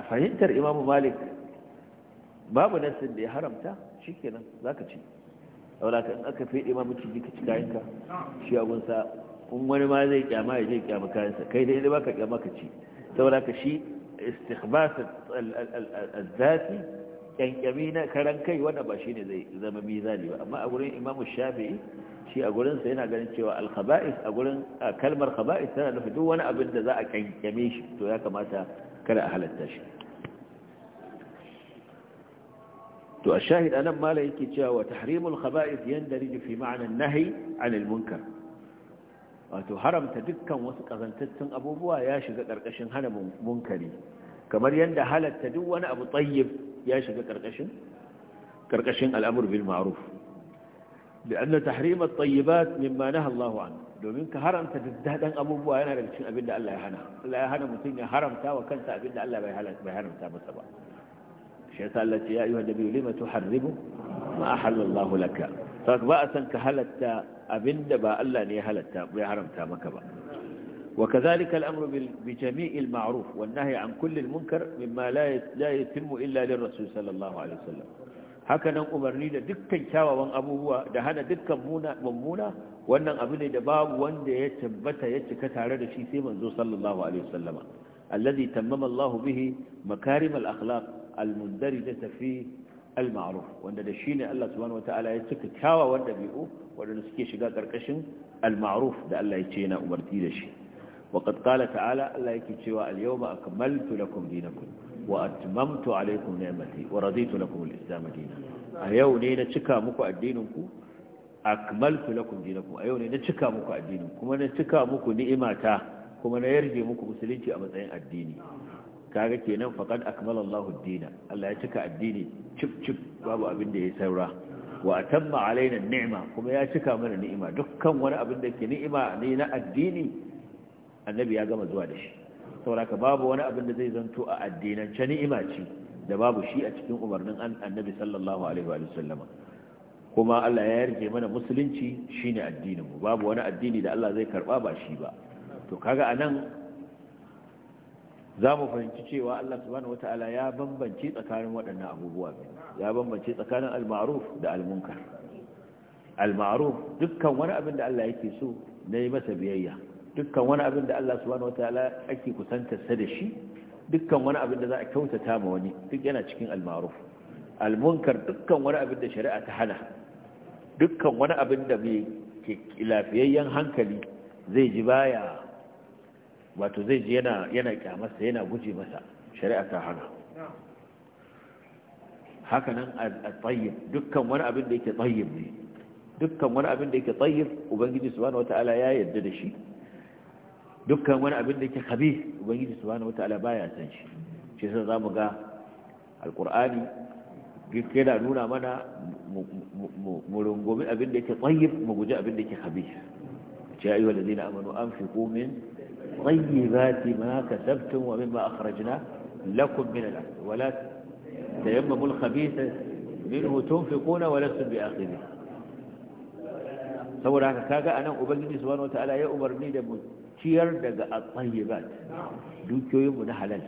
a fahimtar imamu malik babu nassin da ya haramta shikenan zaka ci saboda in aka fede ma miciji ka ci kayanka shi abunsa in wani ma zai kyama ya je kyama sa kai dai ba ka kyama ka ci saboda ka shi istikhbas al-zati kyankyami na karan kai wanda ba shine zai zama mizani ba amma a gurin Imam Shafi'i shi a gurin sa yana ganin cewa al-khaba'is a gurin kalmar khaba'is tana nufin duk wani abin da za a kyankyame shi to ya kamata kada a halatta shi to a ashahid anan mala yake cewa tahrimul khaba'ith yandarij fi ma'na an-nahy 'an al-munkar wato haramta dukkan wasu kazantattun abubuwa ya shiga karkashin hana munkari kamar yanda halatta duk wani abu tayyib ya shiga karkashin karkashin al'amr bil ma'ruf لأن تحريم الطيبات مما نهى الله an, domin ka haramta daddaɗan abubuwa yana daga cikin abinda Allah ya hana Allah ya hana mutum ya haramta wa kansa abin da Allah bai haramta masa ba shi yasa Allah ce ya ayyuhan nabiyyu lima tuharrimu ma laka saboda ba a san ka halatta abinda ba Allah ne ya halatta bai haramta maka ba وكذلك الأمر بجميع المعروف والنهي عن كل المنكر مما لا illa إلا للرسول صلى الله عليه Haka nan umarni da dukkan kyawawan abubuwa da hana dukkan mummuna wannan abu ne da babu wanda ya tabbata ya cika tare da shi sai manzo sallallahu alaihi wasallama allazi tammama Allahu bihi makarimal al-akhlaq المندرجة في المعروف wanda da shine Allah subhanahu wataala ya cika kawa wanda bi'u suke shiga karkashin al da Allah ya ce yana umarti da shi wa qad qala ta'ala Allah yake cewa al-yawma akmaltu lakum dinakum wa atmamtu alaykum ni'mati wa raditu lakum al-islam dinan ayau ne na cika muku addinin ku akmaltu lakum dinakum ayau ne na cika muku addinin kuma na cika muku ni'imata kuma na yarje muku musulunci a matsayin addini kaga kenan faqad akmala Allahu ad-dina Allah ya cika addini cip babu abin da ya saura wa atamma alaina ni'ma kuma ya cika mana ni'ima dukkan wani abin da ke ni'ima ne na addini annabi ya gama zuwa da shi sauraka babu wani abin da zai zanto a addinance ni'ima ce da babu shi a cikin umarnin annabi sallallahu alaihi wa sallama kuma Allah ya yarje mana musulunci shine addinin mu babu wani addini da Allah zai karba ba shi ba to kaga anan za mu fahimci cewa Allah subhanahu wata'ala ya bambance tsakanin waɗannan abubuwa ya bambance tsakanin al-ma'ruf da al-munkar al-ma'ruf dukkan wani abin da Allah yake so na yi masa biyayya dukkan wani abin da Allah subhanahu wata'ala ake kusantar da shi dukkan wani abin da za a kyautata ma wani duk yana cikin al-ma'ruf al-munkar dukkan wani abin da shari'a ta hana dukkan wani abin da mai lafiyayyen hankali zai ji baya wato zai ji yana yana kyamarsa yana guji masa shari'a ta hana haka nan a tsayyib dukkan wani abin da yake tsayin ne dukkan wani abin da yake tsayin ubangiji subhanahu wata'ala ya yarda da shi dukkan wani abin da yake khabith ubangiji subhanahu wata'ala baya san shi shi yasa zamu ga alqur'ani duk yana nuna mana mu rungumi abin da yake tsayin mu guji abin da yake khabith ya ayyuhal ladina amanu anfiqu min طيبات ما كسبتم ومما أخرجنا لكم من الأرض ولا تيمموا الخبيث منه تنفقون ولستم بآخذه saboda haka kaga anan ubangiji subhanahu wataala ya umarni da mu ciyar daga at-tayyibat dukiyoyin mu na halal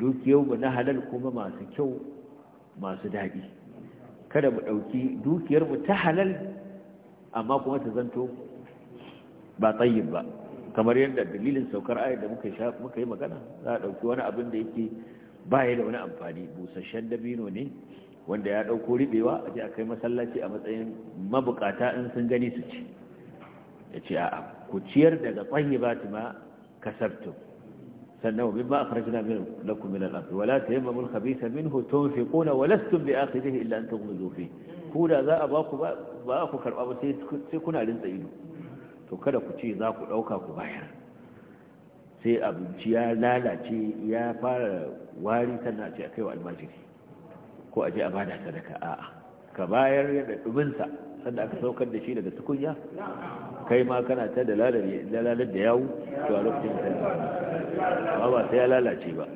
dukiyoyin mu na halal kuma masu kyau masu dadi kada mu dauki dukiyar mu ta halal amma kuma ta zanto ba tayyib ba kamar yadda dalilin saukar ayar da muka muka yi magana za a dauki wani abin da yake baya da wani amfani busasshen dabino ne wanda ya dauko ribewa a je a kai masallaci a matsayin mabukata in sun gani su ci ya ce a'a ku ciyar daga tsayi ba ma kasabtum sannan wabin ba a na min lakum min al-ard wala tayammamul khabitha minhu tunfiquna wa lastum bi akhidhihi illa an tughmidu fi ku da za a ba ku ba ku karba ba sai kuna rinsa ido to kada ku ce za ku ɗauka ku bayar sai abinci ya lalace ya fara wari sannan a ce a kai wa almajiri ko a je a bada sadaka a'a ka bayar yadda ɗubinsa sanda aka saukar da shi daga tukunya kai ma kana ta da lalar da yawu to a lokacin da ba sai ya lalace ba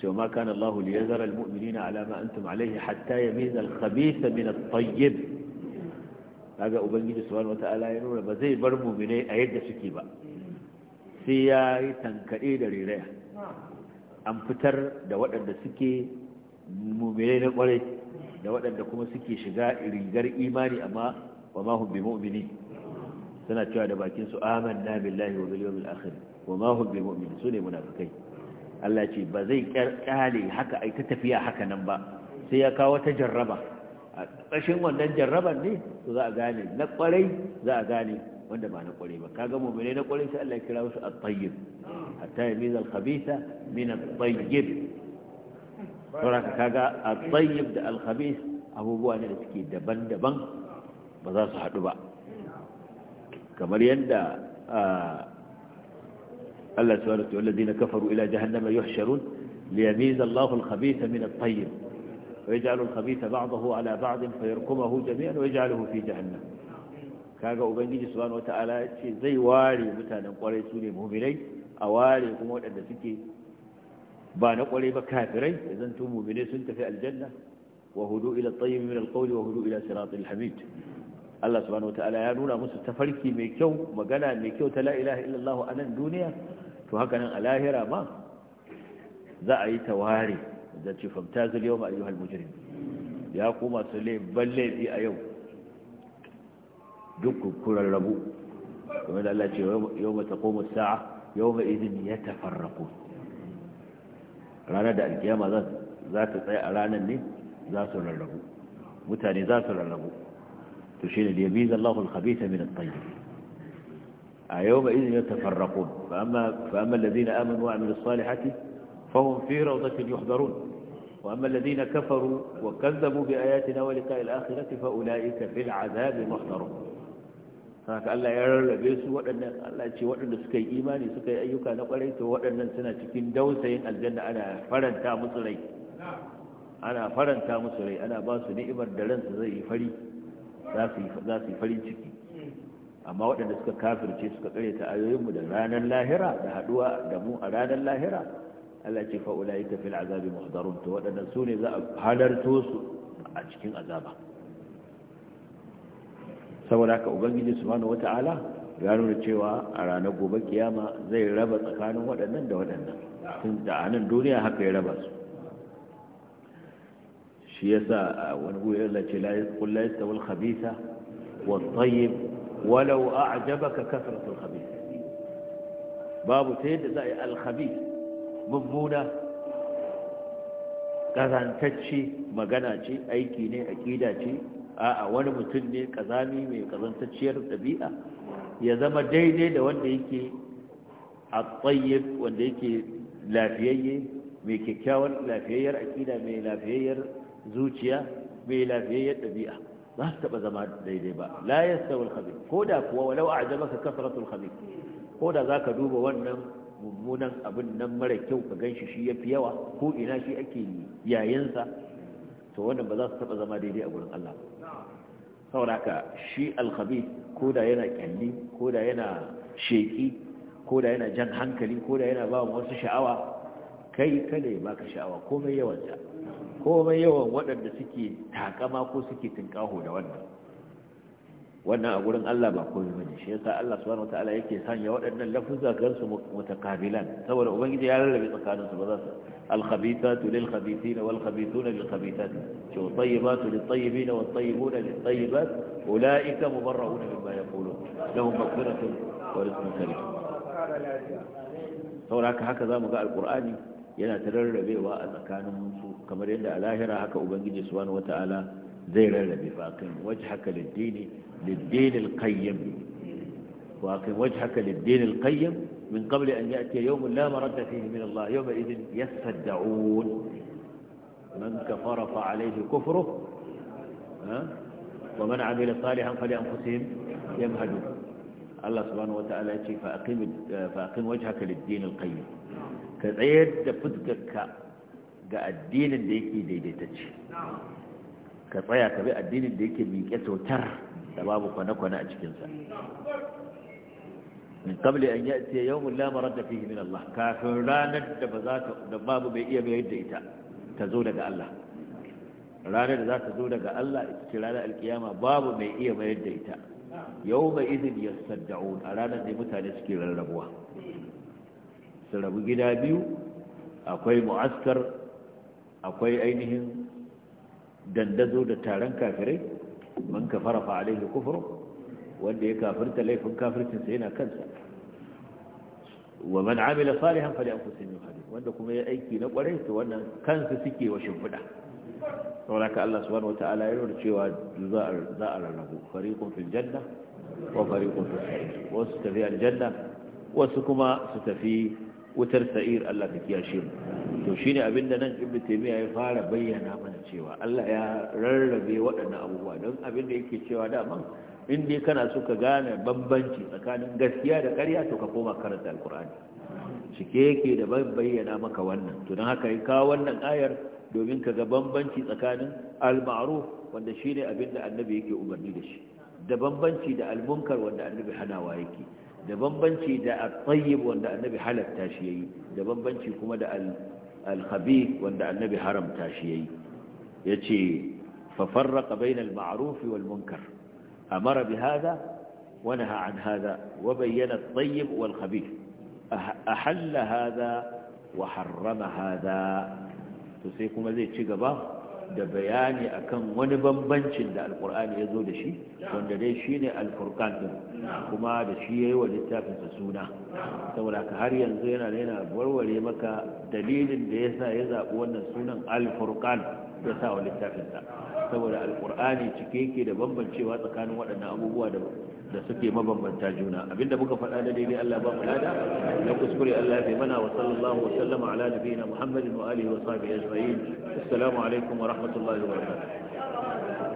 cewa ma kana Allah liyazara almu'minina ala ma antum alaihi hatta yamiza al-khabitha min at-tayyib kaga ubangiji subhanahu wata'ala ya nuna ba zai bar mu'minai a yadda suke ba sai ya yi tankade da riraya an fitar da waɗanda suke mu'minai na kware da waɗanda kuma suke shiga rigar imani amma wa ma hum bi mu'mini suna cewa da bakin su amanna billahi wa bil yawmil akhir wa ma hum bi mu'mini sune munafikai Allah ce ba zai kyale haka ai ta tafiya haka nan ba sai ya kawo ta jarraba a ƙashin wannan jarraban ne to za a gane na ƙwarai za a gane wanda ba na ƙwarai ba kaga mu'mine na ƙwarai sai Allah ya kira wasu at-tayyib hatta yamiza al-khabitha min at-tayyib saboda kaga at-tayyib da al-khabith abubuwa ne da suke daban-daban ba za su haɗu ba kamar yadda Allah subhanahu wa ta'ala ladina kafaru ila jahannama yuhsharun liyamiza Allahu al-khabitha min at-tayyib ويجعل الخبيث بعضه على بعض فيركمه جميعا ويجعله في جهنم kaga ubangiji subhanahu wataala ya ce zai ware mutanen kwarai su ne muminai a ware kuma waɗanda suke ba na kwarai ba kafirai da zanto muminai sun tafi aljanna wa hudu ila tayyib min alqawli wa hudu ila siratil hamid Allah subhanahu wataala ya nuna musu tafarki mai kyau magana mai kyau ta la ilaha illallah duniya to haka nan a lahira ma za a yi ta ware zan ce famtazil yau ma'ayyuhal mujrim ya ku masu laifin laifi a yau duk kukurar rabu kuma da Allah ce yau mata koma sa'a yau ma izin ya tafarraku ranar da alkiyama za ta tsaye a ranar ne za su rarrabu mutane za su rarrabu to shi ne da ya bi zallahu alkhabita min at-tayyib a yau ma izin ya tafarraku fa amma fa amma alladhina amanu wa amilus salihati فهم في روضة يحضرون وأما الذين كفروا وكذبوا بآياتنا ولقاء الآخرة فأولئك في العذاب محضرون haka Allah ya rarrabe su waɗannan Allah ce waɗanda suka yi imani suka yi ayyuka na ƙwarai to waɗannan suna cikin dausayin aljanna ana faranta musu ana faranta musu ana ba ni'imar da ransu zai yi fari za su yi farin ciki amma waɗanda suka kafirce suka ƙaryata ayoyinmu da ranar lahira da haɗuwa da mu a ranar lahira Allah ce fa'ula yi tafi al'azabi mahdarun to waɗannan su ne za a halarto su a cikin azaba saboda ka ubangiji su subhanahu wata'ala ya nuna cewa a ranar gobe kiyama zai raba tsakanin waɗannan da waɗannan tun da anan duniya haka ya raba su shi ya sa wani guri Allah ce la yasqul la yastawil khabitha wat tayyib walau a'jabaka kasratul khabith babu ta yadda za a yi al mummuna ƙazantacce magana ce aiki ne aƙida ce a wani mutum ne ƙazami mai ƙazantacciyar ɗabi'a ya zama daidai da wanda yake a tsaye wanda yake lafiyayye mai kyakkyawar lafiyayyar aƙida mai lafiyayyar zuciya mai lafiyayyar ɗabi'a Za su taɓa zama daidai ba la yasta wal khabir ko da kuwa walau a ka kasratul khabir ko da za ka duba wannan mummunan abin nan mara kyau ka gan shi shi ya fi yawa ko ina shi ake yayinsa to wannan ba za su taba zama daidai a gurin Allah ka shi alkhabi ko da yana kyalli ko da yana sheki ko da yana jan hankali ko da yana ba wasu sha'awa kai kada ya baka sha'awa komai yawanta, komai yawan waɗanda suke takama ko suke tinkaho da wannan wannan a gurin Allah ba komai bane shi yasa Allah subhanahu wataala yake sanya waɗannan lafuzza su mutakabilan saboda ubangiji ya rarrabe tsakanin su ba za su al-khabithatu lil khabithina wal khabithuna lil khabithat shi tayyibatu lit tayyibina wat tayyibuna lit tayyibat ulaika mubarra'una mimma yaqulun lahum maghfiratun wa rizqun karim saboda haka zamu ga alqur'ani yana tararrabewa a tsakanin su kamar yadda a lahira haka ubangiji subhanahu wataala zai rarrabe faƙin wajen haka liddini liddinin kayyam faƙin wajen haka liddinin kayyam min kabli an yi ake yau la marata fihi min Allah yau mai idin yasadda'un man kafara fa alaihi kufru wa man amila salihan fali anfusihim yamhadu Allah subhanahu wata'ala ya ce fa wajen haka lid-din al-qayyim ka tsayar da fuskarka ga addinin da yake daidaitacce ka tsaya ka bi addinin da yake miƙe tautar da babu kwane-kwane a cikinsa min kabli an ya ce yau mun lamarar da fi min Allah kafin ranar da ba za ka da babu bai iya bayar da ita ta zo daga Allah ranar da za ta zo daga Allah ita ce ranar alkiyama babu mai iya bayar da ita yau mai izin ya a ranar ne mutane suke rarrabuwa su gida biyu akwai mu'askar akwai ainihin dandazo da taron kafirai man kafara fa alaihi kufru wanda ya kafirta laifin kafircin sa yana kansa wa man amila salihan fali anfusihim yuhadith wanda kuma ya aiki na kwarai to wannan kansa suke wa shimfida saboda Allah subhanahu wataala ya nuna cewa za a rarrabu fariqun fil janna wa fariqun fil sa'ir wasu tafi aljanna wasu kuma su tafi wutar sa'ir Allah ka kiyashe mu to shine abinda nan ibnu taymiya ya fara bayyana mana cewa Allah ya rarrabe waɗannan abubuwa don abin da yake cewa daman in kana so ka gane bambanci tsakanin gaskiya da ƙarya to ka koma karanta alkur'ani cike yake da bayyana maka wannan to don haka yi kawo wannan ayar domin ka ga bambanci tsakanin al-ma'ruf wanda shine abin da annabi yake umarni da shi da bambanci da al-munkar wanda annabi hanawa yake da bambanci da at-tayyib wanda annabi halatta shi yayi da bambanci kuma da al-khabith wanda annabi haramta shi yayi yace ce farraqa bainal ma'ruf wal munkar amara bi hada wa naha an hada wa bayyana at-tayyib wal khabith ahalla wa harrama hada to sai kuma zai ci gaba da bayani akan wani bambancin da Alƙur'ani ya zo da shi wanda dai shine ne alfurkan kuma da shi ya yi wa littafinsa suna saboda ka har yanzu yana yana warware maka dalilin da ya sa ya zaɓi wannan sunan alfurkan ya sa wa littafinsa saboda alkur'ani cike yake da bambancewa tsakanin waɗannan abubuwa da suke mabambanta juna abinda muka faɗa da daidai Allah ba mu lada da kuskure Allah ya mana wa sallallahu wa sallama ala nabiyina Muhammadin wa alihi wa sahbihi ajma'in assalamu alaikum wa rahmatullahi wa barakatuh